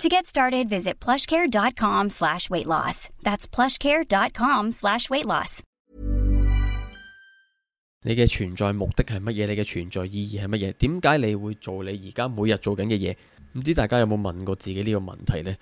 To get started，visit plushcare dot com slash weight loss That. That's plushcare dot com slash weight loss。你嘅存在目的係乜嘢？你嘅存在意義係乜嘢？點解你會做你而家每日做緊嘅嘢？唔知大家有冇問過自己呢個問題呢？呢、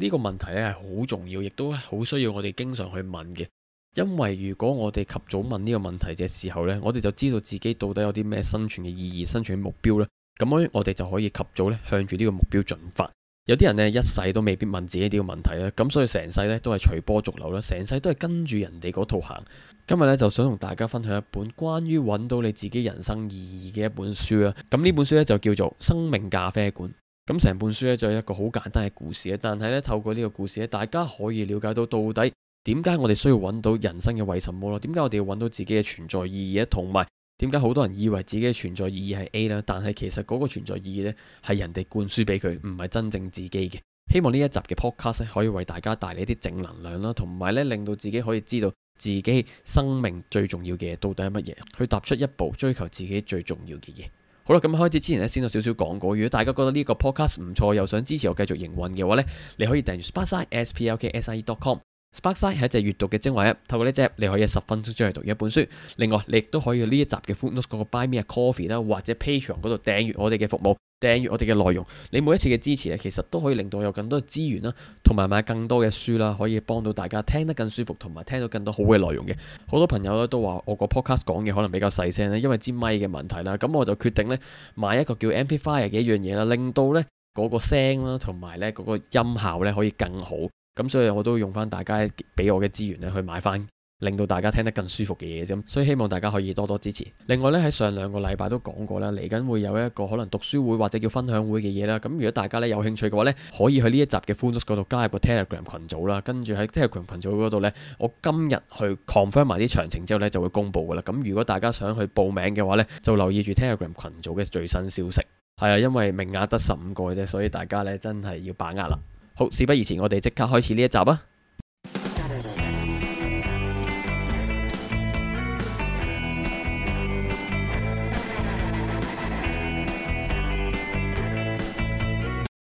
呢個問題咧係好重要，亦都好需要我哋經常去問嘅。因為如果我哋及早問呢個問題嘅時候呢，我哋就知道自己到底有啲咩生存嘅意義、生存嘅目標呢，咁樣我哋就可以及早咧向住呢個目標進發。有啲人呢，一世都未必問自己呢個問題啦，咁所以成世呢都係隨波逐流啦，成世都係跟住人哋嗰套行。今日呢，就想同大家分享一本關於揾到你自己人生意義嘅一本書啦。咁呢本書呢，就叫做《生命咖啡館》。咁成本書呢，就一個好簡單嘅故事啦，但係呢，透過呢個故事呢，大家可以了解到到底點解我哋需要揾到人生嘅為什麼咯？點解我哋要揾到自己嘅存在意義呢？同埋。點解好多人以為自己嘅存在意義係 A 啦？但係其實嗰個存在意義呢，係人哋灌輸俾佢，唔係真正自己嘅。希望呢一集嘅 podcast 可以為大家帶嚟一啲正能量啦，同埋呢令到自己可以知道自己生命最重要嘅嘢到底係乜嘢，去踏出一步追求自己最重要嘅嘢。好啦，咁開始之前呢，先有少少講過，如果大家覺得呢個 podcast 唔錯，又想支持我繼續營運嘅話呢，你可以訂閱 spike.splk.si.com。Sparkside 係一隻閱讀嘅精華一，透過呢隻，你可以十分鐘之內讀一本書。另外，你亦都可以喺呢一集嘅 Footnotes 嗰個 Buy Me a Coffee 啦，或者 Patreon 嗰度訂閱我哋嘅服務，訂閱我哋嘅內容。你每一次嘅支持咧，其實都可以令到有更多嘅資源啦，同埋買更多嘅書啦，可以幫到大家聽得更舒服，同埋聽到更多好嘅內容嘅。好多朋友咧都話我個 Podcast 講嘅可能比較細聲咧，因為支咪嘅問題啦。咁我就決定咧買一個叫 Amplifier 嘅一樣嘢啦，令到呢嗰個聲啦，同埋呢嗰個音效呢，可以更好。咁所以我都用翻大家俾我嘅資源咧，去買翻令到大家聽得更舒服嘅嘢啫。所以希望大家可以多多支持。另外呢，喺上兩個禮拜都講過啦，嚟緊會有一個可能讀書會或者叫分享會嘅嘢啦。咁如果大家呢有興趣嘅話呢，可以去呢一集嘅 Podcast 嗰度加入個 Telegram 群組啦。跟住喺 Telegram 群組嗰度呢，我今日去 confirm 埋啲詳情之後呢就會公布噶啦。咁如果大家想去報名嘅話呢，就留意住 Telegram 群組嘅最新消息。係啊，因為名額得十五個嘅啫，所以大家呢真係要把握啦。好，事不宜遲，我哋即刻開始呢一集啊！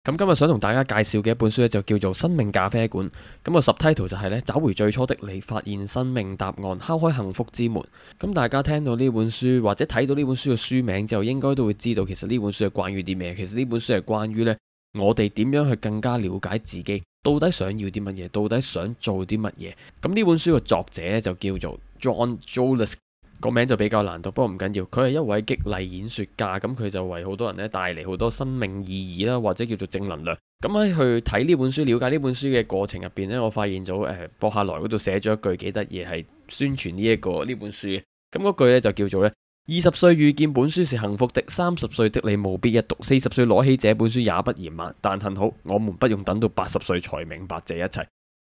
咁今日想同大家介紹嘅一本書呢，就叫做《生命咖啡館》。咁啊，subtitle 就係呢：找回最初的你，發現生命答案，敲開幸福之門。咁大家聽到呢本書或者睇到呢本書嘅書名之後，應該都會知道其實呢本書係關於啲咩。其實呢本書係關於呢。我哋點樣去更加了解自己？到底想要啲乜嘢？到底想做啲乜嘢？咁呢本書嘅作者咧就叫做 John Jolice，個名就比較難讀，不過唔緊要。佢係一位激勵演說家，咁佢就為好多人咧帶嚟好多生命意義啦，或者叫做正能量。咁喺去睇呢本書、了解呢本書嘅過程入邊呢，我發現咗誒博客來嗰度寫咗一句幾得意，係宣傳呢一個呢本書嘅。咁嗰句咧就叫做咧。二十歲遇見本書是幸福的，三十歲的你務必一讀，四十歲攞起這本書也不嫌慢。但幸好，我們不用等到八十歲才明白這一切。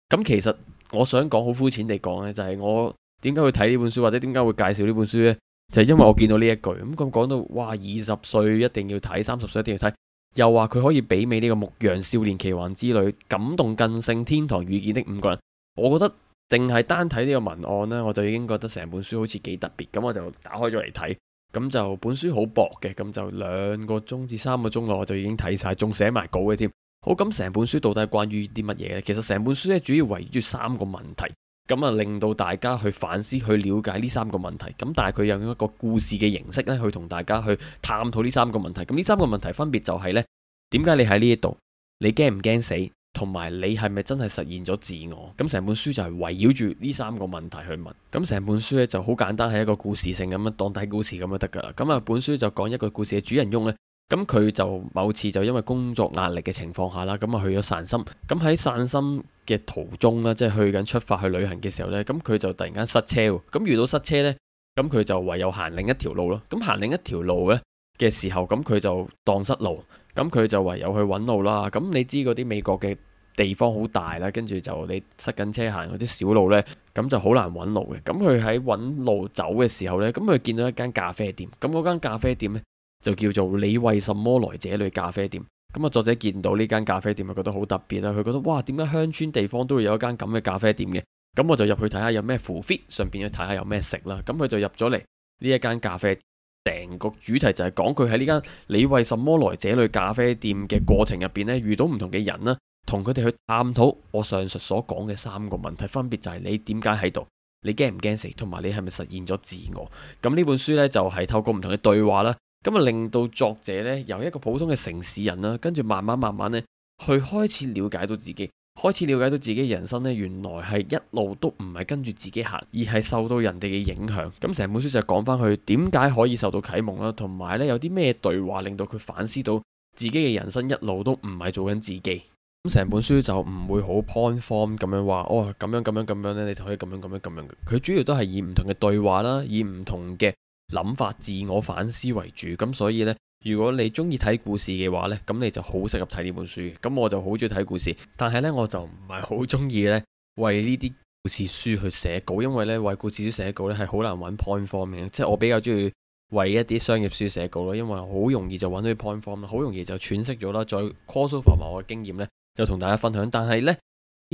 咁其實我想講，好膚淺地講咧，就係我點解會睇呢本書，或者點解會介紹呢本書咧，就係因為我見到呢一句咁講到，哇！二十歲一定要睇，三十歲一定要睇，又話佢可以媲美呢個《牧羊少年奇幻之旅》，感動更勝《天堂遇見的五個人》。我覺得。淨係單睇呢個文案呢，我就已經覺得成本書好似幾特別，咁我就打開咗嚟睇，咁就本書好薄嘅，咁就兩個鐘至三個鐘咯，我就已經睇晒，仲寫埋稿嘅添。好，咁成本書到底關於啲乜嘢呢？其實成本書咧主要圍繞住三個問題，咁啊令到大家去反思、去了解呢三個問題。咁但係佢用一個故事嘅形式咧，去同大家去探討呢三個問題。咁呢三個問題分別就係呢：點解你喺呢一度？你驚唔驚死？同埋你係咪真係實現咗自我？咁成本書就係圍繞住呢三個問題去問。咁成本書咧就好簡單，係一個故事性咁樣，當睇故事咁就得㗎啦。咁啊，本書就講一個故事嘅主人翁呢，咁佢就某次就因為工作壓力嘅情況下啦，咁啊去咗散心。咁喺散心嘅途中呢，即係去緊出發去旅行嘅時候呢，咁佢就突然間塞車。咁遇到塞車呢，咁佢就唯有行另一條路咯。咁行另一條路呢嘅時候，咁佢就蕩失路。咁佢就唯有去揾路啦。咁你知嗰啲美國嘅地方好大啦，跟住就你塞緊車行嗰啲小路呢，咁就好難揾路嘅。咁佢喺揾路走嘅時候呢，咁佢見到一間咖啡店。咁嗰間咖啡店呢，就叫做你為什麼來這裏咖啡店。咁啊，作者見到呢間咖啡店，覺得好特別啦。佢覺得哇，點解鄉村地方都會有一間咁嘅咖啡店嘅？咁我就入去睇下有咩 fit 順便去睇下有咩食啦。咁佢就入咗嚟呢一間咖啡店，定個主題就係講佢喺呢間你為什麼來這裏咖啡店嘅過程入邊呢，遇到唔同嘅人啦、啊。同佢哋去探討我上述所講嘅三個問題，分別就係你點解喺度？你驚唔驚死？同埋你係咪實現咗自我？咁呢本書呢，就係透過唔同嘅對話啦，咁啊令到作者呢，由一個普通嘅城市人啦，跟住慢慢慢慢呢，去開始了解到自己，開始了解到自己人生呢，原來係一路都唔係跟住自己行，而係受到人哋嘅影響。咁成本書就係講翻佢點解可以受到啟蒙啦，同埋呢，有啲咩對話令到佢反思到自己嘅人生一路都唔係做緊自己。咁成本書就唔會好 point form 咁樣話哦，咁樣咁樣咁樣呢，你就可以咁樣咁樣咁樣。佢主要都係以唔同嘅對話啦，以唔同嘅諗法自我反思為主。咁所以呢，如果你中意睇故事嘅話呢，咁你就好適合睇呢本書嘅。咁我就好中意睇故事，但係呢，我就唔係好中意呢為呢啲故事書去寫稿，因為呢為故事書寫稿呢係好難揾 point form 嘅，即係我比較中意為一啲商業書寫稿咯，因為好容易就揾到啲 point form，好容易就詮釋咗啦。再 co-solve 埋我嘅經驗呢。就同大家分享，但係咧，呢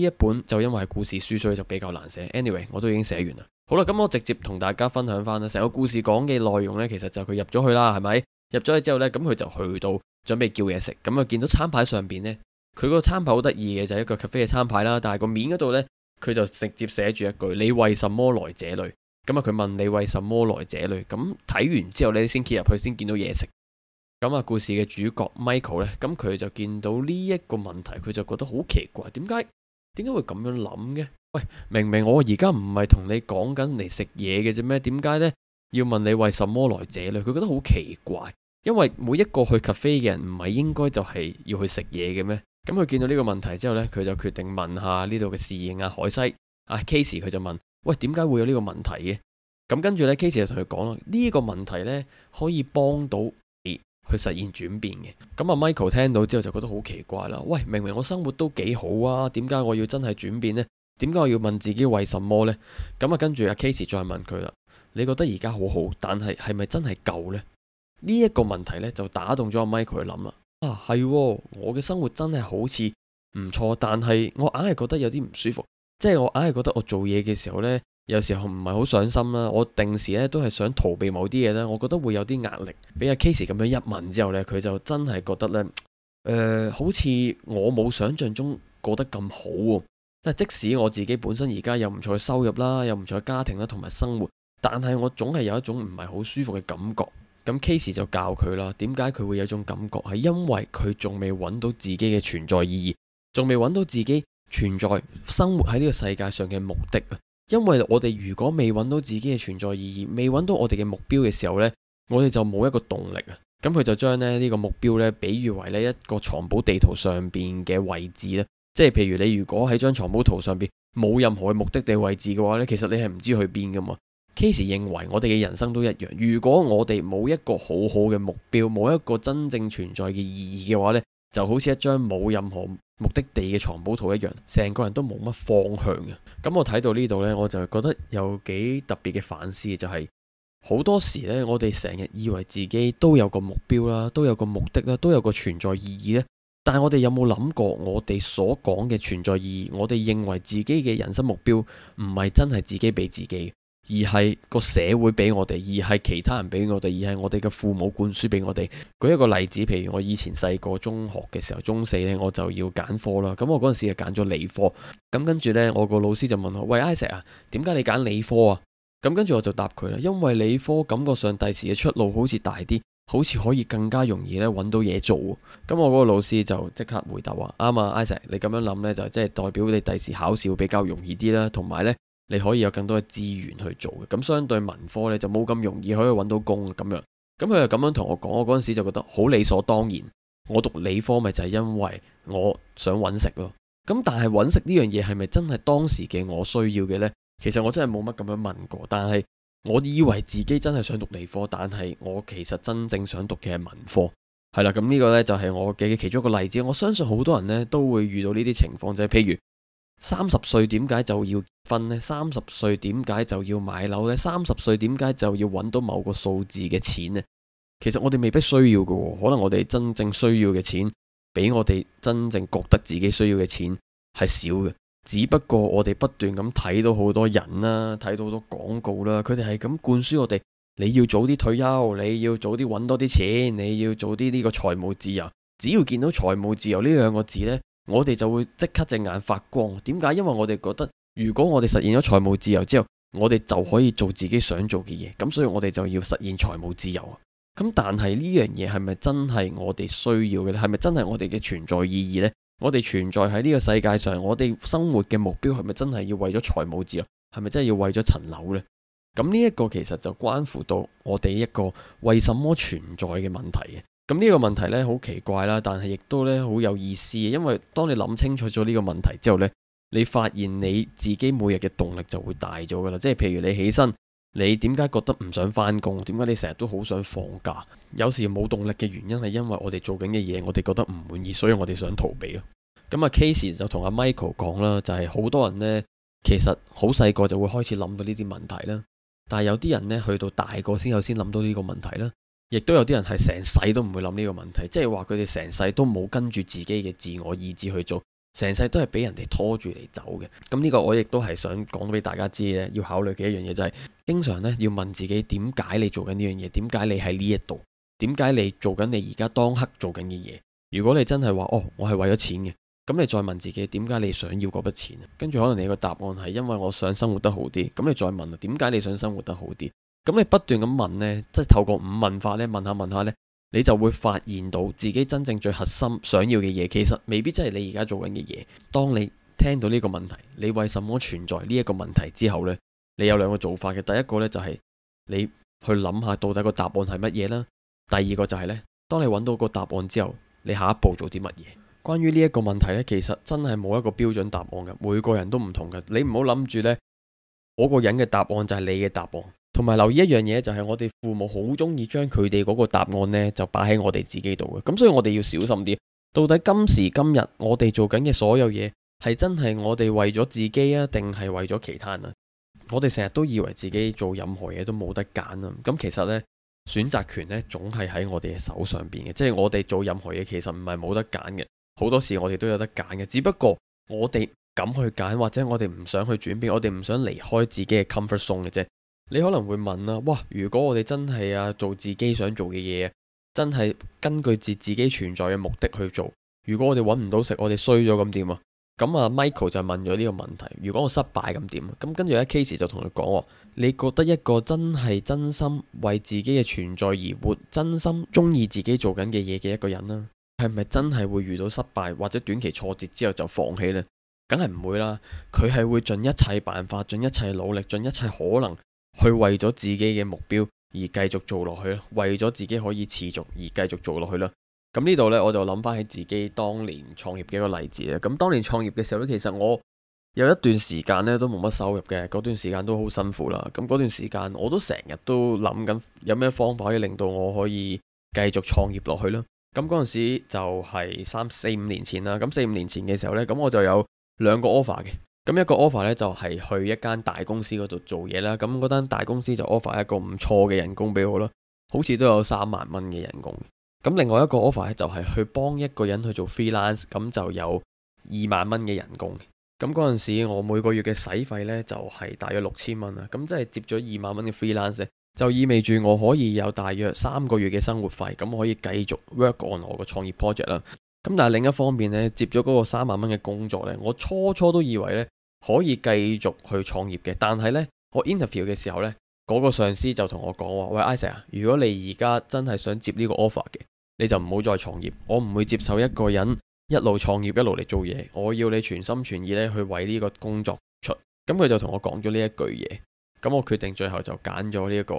一本就因為係故事書，所以就比較難寫。Anyway，我都已經寫完啦。好啦，咁我直接同大家分享翻啦，成個故事講嘅內容呢，其實就佢入咗去啦，係咪？入咗去之後呢，咁佢就去到準備叫嘢食，咁啊，見到餐牌上邊呢，佢嗰個餐牌好得意嘅，就係一個 cafe 嘅餐牌啦，但係個面嗰度呢，佢就直接寫住一句：你為什麼來這裏？咁啊，佢問你為什麼來這裏？咁睇完之後呢，你先揭入去，先見到嘢食。咁啊，故事嘅主角 Michael 呢，咁佢就見到呢一個問題，佢就覺得好奇怪，點解點解會咁樣諗嘅？喂，明明我而家唔係同你講緊嚟食嘢嘅啫咩？點解呢？要問你為什麼來這裏？佢覺得好奇怪，因為每一個去 cafe 嘅人唔係應該就係要去食嘢嘅咩？咁佢見到呢個問題之後呢，佢就決定問下呢度嘅侍應阿、啊、海西阿、啊、Case，佢就問：喂，點解會有呢個問題嘅？咁跟住呢 Case 就同佢講咯，呢、呢個問題呢，可以幫到。去實現轉變嘅。咁啊 Michael 聽到之後就覺得好奇怪啦，喂，明明我生活都幾好啊，點解我要真係轉變呢？點解我要問自己為什麼呢？」咁啊，跟住阿 Casey 再問佢啦，你覺得而家好好，但係係咪真係夠呢？」呢一個問題呢，就打動咗阿 Michael 去諗啊，啊係、哦，我嘅生活真係好似唔錯，但係我硬係覺得有啲唔舒服，即係我硬係覺得我做嘢嘅時候呢。.有時候唔係好上心啦，我定時咧都係想逃避某啲嘢呢，我覺得會有啲壓力。俾阿 Case 咁樣一問之後呢，佢就真係覺得呢，誒、呃，好似我冇想象中過得咁好。但即使我自己本身而家有唔錯嘅收入啦，有唔錯嘅家庭啦，同埋生活，但係我總係有一種唔係好舒服嘅感覺。咁 Case 就教佢啦，點解佢會有種感覺？係因為佢仲未揾到自己嘅存在意義，仲未揾到自己存在生活喺呢個世界上嘅目的。因為我哋如果未揾到自己嘅存在意義，未揾到我哋嘅目標嘅時候呢，我哋就冇一個動力啊。咁佢就將呢呢個目標呢，比喻為呢一個藏寶地圖上邊嘅位置啦。即係譬如你如果喺張藏寶圖上邊冇任何嘅目的地位置嘅話呢，其實你係唔知去邊噶嘛。Case 認為我哋嘅人生都一樣，如果我哋冇一個好好嘅目標，冇一個真正存在嘅意義嘅話呢，就好似一張冇任何。目的地嘅藏寶圖一樣，成個人都冇乜方向嘅。咁我睇到呢度呢，我就覺得有幾特別嘅反思，就係好多時呢，我哋成日以為自己都有個目標啦，都有個目的啦，都有個存在意義呢。但係我哋有冇諗過，我哋所講嘅存在意義，我哋認為自己嘅人生目標，唔係真係自己俾自己。而係個社會俾我哋，而係其他人俾我哋，而係我哋嘅父母灌輸俾我哋。舉一個例子，譬如我以前細個中學嘅時候，中四呢，我就要揀科啦。咁我嗰陣時就揀咗理科。咁跟住呢，我個老師就問我，喂，Isaac 啊，點解你揀理科啊？咁跟住我就答佢啦，因為理科感覺上第時嘅出路好似大啲，好似可以更加容易揾到嘢做。咁我嗰個老師就即刻回答話，啱啊，Isaac，你咁樣諗呢，就即係代表你第時考試會比較容易啲啦，同埋呢。你可以有更多嘅資源去做嘅，咁相對文科呢，就冇咁容易可以揾到工咁樣。咁佢又咁樣同我講，我嗰陣時就覺得好理所當然。我讀理科咪就係因為我想揾食咯。咁但係揾食呢樣嘢係咪真係當時嘅我需要嘅呢？其實我真係冇乜咁樣問過。但係我以為自己真係想讀理科，但係我其實真正想讀嘅係文科。係啦，咁呢個呢，就係我嘅其中一個例子。我相信好多人呢，都會遇到呢啲情況，就係譬如。三十歲點解就要結婚呢？三十歲點解就要買樓呢？三十歲點解就要揾到某個數字嘅錢呢？其實我哋未必需要嘅。哦，可能我哋真正需要嘅錢，比我哋真正覺得自己需要嘅錢係少嘅。只不過我哋不斷咁睇到好多人啦，啊，睇到好多廣告啦，啊，佢哋係咁灌輸我哋，你要早啲退休，你要早啲揾多啲錢，你要早啲呢個財務自由。只要見到財務自由呢兩個字呢，我哋就會即刻隻眼發光，點解？因為我哋覺得如果我哋實現咗財務自由之後，我哋就可以做自己想做嘅嘢，咁所以我哋就要實現財務自由。咁但係呢樣嘢係咪真係我哋需要嘅呢？係咪真係我哋嘅存在意義呢？我哋存在喺呢個世界上，我哋生活嘅目標係咪真係要為咗財務自由？係咪真係要為咗層樓呢？咁呢一個其實就關乎到我哋一個為什麼存在嘅問題嘅。咁呢個問題呢，好奇怪啦，但係亦都呢，好有意思，因為當你諗清楚咗呢個問題之後呢，你發現你自己每日嘅動力就會大咗噶啦。即係譬如你起身，你點解覺得唔想返工？點解你成日都好想放假？有時冇動力嘅原因係因為我哋做緊嘅嘢，我哋覺得唔滿意，所以我哋想逃避咯。咁啊，Casey 就同阿 Michael 講啦，就係、是、好多人呢，其實好細個就會開始諗到呢啲問題啦，但係有啲人呢，去到大個先有先諗到呢個問題啦。亦都有啲人係成世都唔會諗呢個問題，即係話佢哋成世都冇跟住自己嘅自我意志去做，成世都係俾人哋拖住嚟走嘅。咁呢個我亦都係想講俾大家知咧，要考慮嘅一樣嘢就係，經常咧要問自己點解你做緊呢樣嘢？點解你喺呢一度？點解你做緊你而家當刻做緊嘅嘢？如果你真係話哦，我係為咗錢嘅，咁你再問自己點解你想要嗰筆錢？跟住可能你個答案係因為我想生活得好啲，咁你再問啊，點解你想生活得好啲？咁你不斷咁問呢，即係透過五問法呢，問下問下呢，你就會發現到自己真正最核心想要嘅嘢，其實未必真係你而家做緊嘅嘢。當你聽到呢個問題，你為什麼存在呢一個問題之後呢？你有兩個做法嘅。第一個呢，就係你去諗下到底個答案係乜嘢啦。第二個就係呢，當你揾到個答案之後，你下一步做啲乜嘢？關於呢一個問題呢，其實真係冇一個標準答案噶，每個人都唔同噶。你唔好諗住呢，嗰個人嘅答案就係你嘅答案。同埋留意一樣嘢，就係我哋父母好中意將佢哋嗰個答案呢就擺喺我哋自己度嘅。咁所以我哋要小心啲。到底今時今日我哋做緊嘅所有嘢，係真係我哋為咗自己啊，定係為咗其他人啊？我哋成日都以為自己做任何嘢都冇得揀啊。咁其實呢，選擇權呢總係喺我哋嘅手上邊嘅，即係我哋做任何嘢其實唔係冇得揀嘅。好多時我哋都有得揀嘅，只不過我哋唔敢去揀，或者我哋唔想去轉變，我哋唔想離開自己嘅 comfort zone 嘅啫。你可能會問啦，哇！如果我哋真係啊做自己想做嘅嘢，真係根據自自己存在嘅目的去做，如果我哋揾唔到食，我哋衰咗咁點啊？咁啊，Michael 就問咗呢個問題：如果我失敗咁點啊？咁跟住阿 Casey 就同佢講：你覺得一個真係真心為自己嘅存在而活，真心中意自己做緊嘅嘢嘅一個人啦，係咪真係會遇到失敗或者短期挫折之後就放棄呢？梗係唔會啦，佢係會盡一切辦法、盡一切努力、盡一切可能。去為咗自己嘅目標而繼續做落去啦，為咗自己可以持續而繼續做落去啦。咁呢度呢，我就諗翻起自己當年創業嘅一個例子啦。咁當年創業嘅時候呢，其實我有一段時間呢都冇乜收入嘅，嗰段時間都好辛苦啦。咁嗰段時間，我都成日都諗緊有咩方法可以令到我可以繼續創業落去啦。咁嗰陣時就係三四五年前啦。咁四五年前嘅時候呢，咁我就有兩個 offer 嘅。咁一個 offer 咧，就係去一間大公司嗰度做嘢啦，咁嗰間大公司就 offer 一個唔錯嘅人工俾我咯，好似都有三萬蚊嘅人工。咁另外一個 offer 咧，就係去幫一個人去做 freelance，咁就有二萬蚊嘅人工。咁嗰陣時我每個月嘅使費呢，就係大約六千蚊啊，咁即係接咗二萬蚊嘅 freelance，就意味住我可以有大約三個月嘅生活費，咁我可以繼續 work on 我個創業 project 啦。咁但係另一方面呢，接咗嗰個三萬蚊嘅工作呢，我初初都以為呢可以繼續去創業嘅，但係呢，我 interview 嘅時候呢嗰、嗰個上司就同我講話：喂，Isa，如果你而家真係想接呢個 offer 嘅，你就唔好再創業，我唔會接受一個人一路創業一路嚟做嘢，我要你全心全意呢去為呢個工作出。咁、嗯、佢就同我講咗呢一句嘢，咁、嗯、我決定最後就揀咗呢一個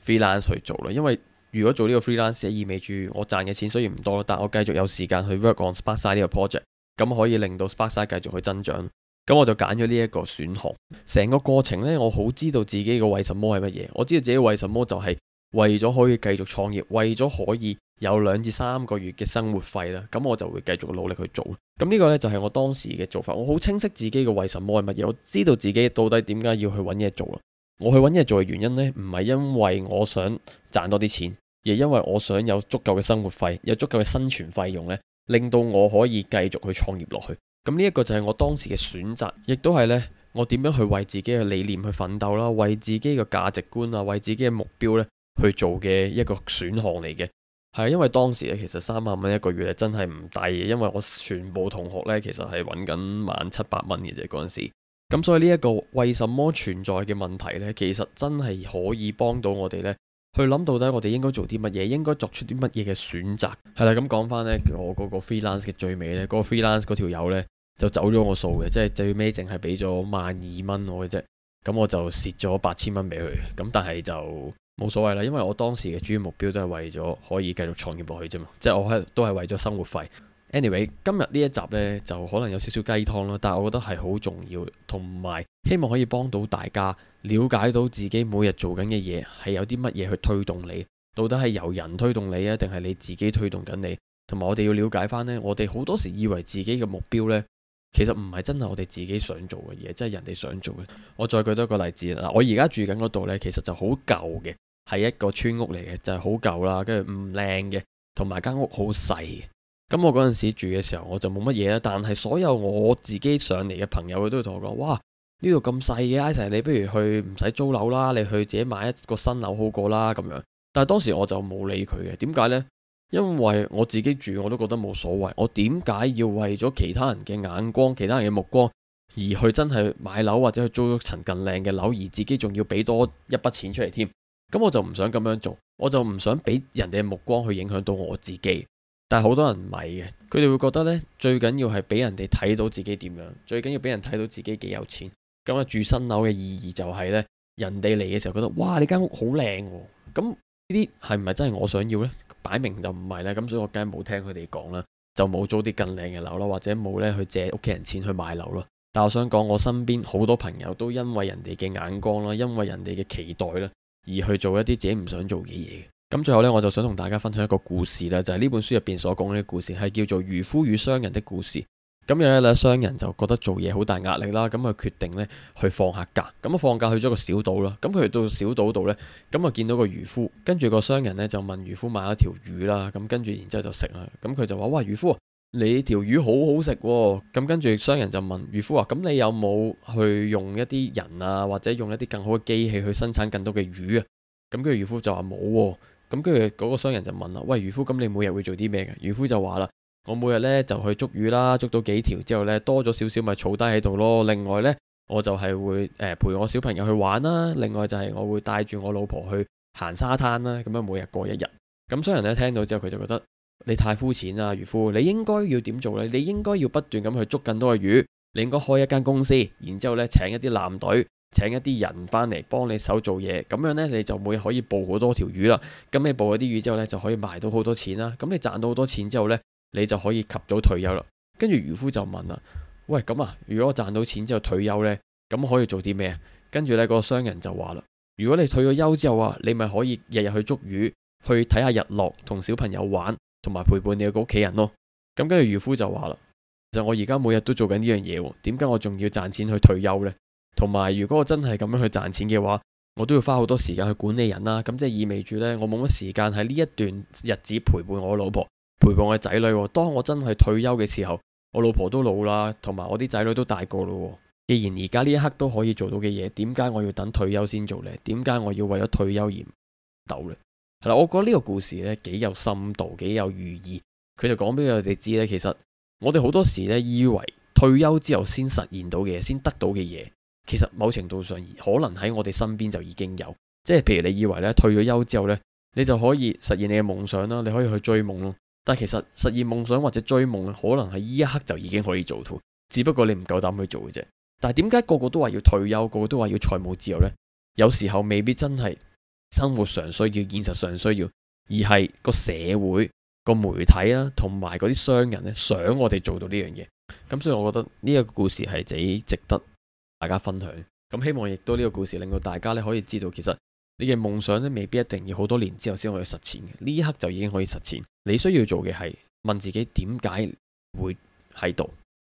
freelance 去做啦，因為。如果做呢個 freelance 意味住我，我賺嘅錢雖然唔多，但我繼續有時間去 work on Sparkside 呢個 project，咁可以令到 Sparkside 繼續去增長。咁我就揀咗呢一個選項。成個過程呢，我好知道自己嘅為什麼係乜嘢。我知道自己為什麼就係為咗可以繼續創業，為咗可以有兩至三個月嘅生活費啦。咁我就會繼續努力去做。咁呢個呢，就係我當時嘅做法。我好清晰自己嘅為什麼係乜嘢。我知道自己到底點解要去揾嘢做啦。我去揾嘢做嘅原因呢，唔係因為我想賺多啲錢。而因為我想有足夠嘅生活費，有足夠嘅生存費用呢，令到我可以繼續去創業落去。咁呢一個就係我當時嘅選擇，亦都係呢，我點樣去為自己嘅理念去奮鬥啦，為自己嘅價值觀啊，為自己嘅目標呢，去做嘅一個選項嚟嘅。係因為當時咧，其實三萬蚊一個月係真係唔低嘅，因為我全部同學呢，其實係揾緊萬七百蚊嘅啫。嗰陣時，咁所以呢一個為什麼存在嘅問題呢，其實真係可以幫到我哋呢。去諗到底我哋應該做啲乜嘢，應該作出啲乜嘢嘅選擇，係啦。咁講翻呢，我嗰個 freelance 嘅最尾呢，嗰個 freelance 嗰條友呢，就走咗我數嘅，即係最尾淨係俾咗萬二蚊我嘅啫。咁我就蝕咗八千蚊俾佢。咁但係就冇所謂啦，因為我當時嘅主要目標都係為咗可以繼續創業落去啫嘛，即係我開都係為咗生活費。Anyway，今日呢一集呢，就可能有少少雞湯啦，但係我覺得係好重要，同埋希望可以幫到大家了解到自己每日做緊嘅嘢係有啲乜嘢去推動你，到底係由人推動你啊，定係你自己推動緊你？同埋我哋要了解返呢，我哋好多時以為自己嘅目標呢，其實唔係真係我哋自己想做嘅嘢，即係人哋想做嘅。我再舉多一個例子啦，我而家住緊嗰度呢，其實就好舊嘅，係一個村屋嚟嘅，就係好舊啦，跟住唔靚嘅，同埋間屋好細。咁我嗰陣時住嘅時候，我就冇乜嘢啦。但係所有我自己上嚟嘅朋友，佢都會同我講：哇，呢度咁細嘅，阿成，你不如去唔使租樓啦，你去自己買一個新樓好過啦。咁樣。但係當時我就冇理佢嘅。點解呢？因為我自己住我，我都覺得冇所謂。我點解要為咗其他人嘅眼光、其他人嘅目光，而去真係買樓或者去租一層更靚嘅樓，而自己仲要俾多一筆錢出嚟添？咁我就唔想咁樣做，我就唔想俾人哋嘅目光去影響到我自己。但係好多人唔係嘅，佢哋會覺得呢，最緊要係俾人哋睇到自己點樣，最緊要俾人睇到自己幾有錢。咁啊，住新樓嘅意義就係呢，人哋嚟嘅時候覺得，哇！你間屋好靚喎，哦，咁呢啲係唔係真係我想要呢？擺明就唔係啦，咁所以我梗係冇聽佢哋講啦，就冇租啲更靚嘅樓啦，或者冇呢去借屋企人錢去買樓咯。但我想講，我身邊好多朋友都因為人哋嘅眼光啦，因為人哋嘅期待啦，而去做一啲自己唔想做嘅嘢。咁最後呢，我就想同大家分享一個故事啦，就係呢本書入邊所講嘅故事，係叫做《漁夫與商人的故事》。咁有一個商人就覺得做嘢好大壓力啦，咁啊決定呢去放下假。咁啊放假去咗個小島啦，咁佢去到小島度呢，咁啊見到個漁夫，跟住個商人呢就問漁夫買咗條魚啦，咁跟住然之後就食啦。咁佢就話：，哇，漁夫，你條魚好好食喎！咁跟住商人就問漁夫話：，咁你有冇去用一啲人啊，或者用一啲更好嘅機器去生產更多嘅魚啊？咁跟住漁夫就話冇喎。咁跟住嗰個商人就問啦：，喂漁夫，咁你每日會做啲咩嘅？漁夫就話啦：，我每日呢就去捉魚啦，捉到幾條之後呢，多咗少少咪儲低喺度咯。另外呢，我就係會誒、呃、陪我小朋友去玩啦。另外就係我會帶住我老婆去行沙灘啦。咁樣每日過一日。咁、嗯、商人呢聽到之後，佢就覺得你太膚淺啦，漁夫，你應該要點做呢？你應該要不斷咁去捉更多嘅魚。你應該開一間公司，然之後呢請一啲男隊。請一啲人返嚟幫你手做嘢，咁樣呢，你就會可以捕好多條魚啦。咁你捕咗啲魚之後呢，就可以賣到好多錢啦。咁你賺到好多錢之後呢，你就可以及早退休啦。跟住漁夫就問啦：，喂，咁啊，如果我賺到錢之後退休呢，咁可以做啲咩啊？跟住呢個商人就話啦：，如果你退咗休之後啊，你咪可以日日去捉魚，去睇下日落，同小朋友玩，同埋陪伴你個屋企人咯。咁跟住漁夫就話啦：，就我而家每日都做緊呢樣嘢喎，點解我仲要賺錢去退休呢？」同埋，如果我真係咁樣去賺錢嘅話，我都要花好多時間去管理人啦。咁即係意味住呢，我冇乜時間喺呢一段日子陪伴我老婆，陪伴我仔女，哦。當我真係退休嘅時候，我老婆都老啦，同埋我啲仔女都大個啦，哦。既然而家呢一刻都可以做到嘅嘢，點解我要等退休先做呢？點解我要為咗退休而鬥呢？係啦，我覺得呢個故事呢，幾有深度，幾有寓意。佢就講俾我哋知呢，其實我哋好多時呢，以為退休之後先實現到嘅嘢，先得到嘅嘢。其實某程度上可能喺我哋身邊就已經有，即係譬如你以為咧，退咗休之後呢，你就可以實現你嘅夢想啦，你可以去追夢咯。但係其實實現夢想或者追夢可能係呢一刻就已經可以做到，只不過你唔夠膽去做嘅啫。但係點解個個都話要退休，個個都話要財務自由呢？有時候未必真係生活上需要、現實上需要，而係個社會、個媒體啊，同埋嗰啲商人咧，想我哋做到呢樣嘢。咁所以我覺得呢個故事係幾值得，大家分享咁，希望亦都呢個故事令到大家咧可以知道，其實你嘅夢想咧未必一定要好多年之後先可以實踐嘅，呢一刻就已經可以實踐。你需要做嘅係問自己點解會喺度，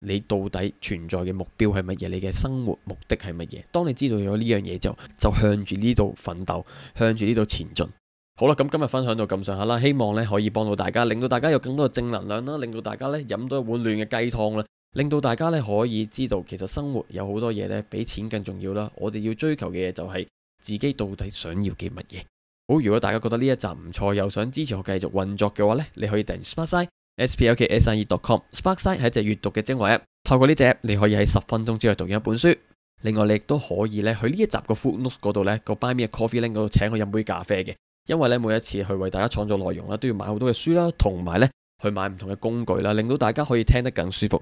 你到底存在嘅目標係乜嘢，你嘅生活目的係乜嘢。當你知道咗呢樣嘢之後，就向住呢度奮鬥，向住呢度前進。好啦，咁今日分享到咁上下啦，希望咧可以幫到大家，令到大家有更多嘅正能量啦，令到大家咧飲到一碗暖嘅雞湯啦。令到大家咧可以知道，其實生活有好多嘢咧比錢更重要啦。我哋要追求嘅嘢就係、是、自己到底想要嘅乜嘢。好，如果大家覺得呢一集唔錯，又想支持我繼續運作嘅話咧，你可以訂閱 s p a r k s i d e s p k s i d t c o m Sparkside 係一隻閱讀嘅精華 App，透過呢隻你可以喺十分鐘之內讀完一本書。另外，你亦都可以咧去呢一集 f、那個 f o o t Notes 嗰度咧個 Buy Me a Coffee Link 嗰度請我飲杯咖啡嘅，因為咧每一次去為大家創作內容啦，都要買好多嘅書啦，同埋咧去買唔同嘅工具啦，令到大家可以聽得更舒服。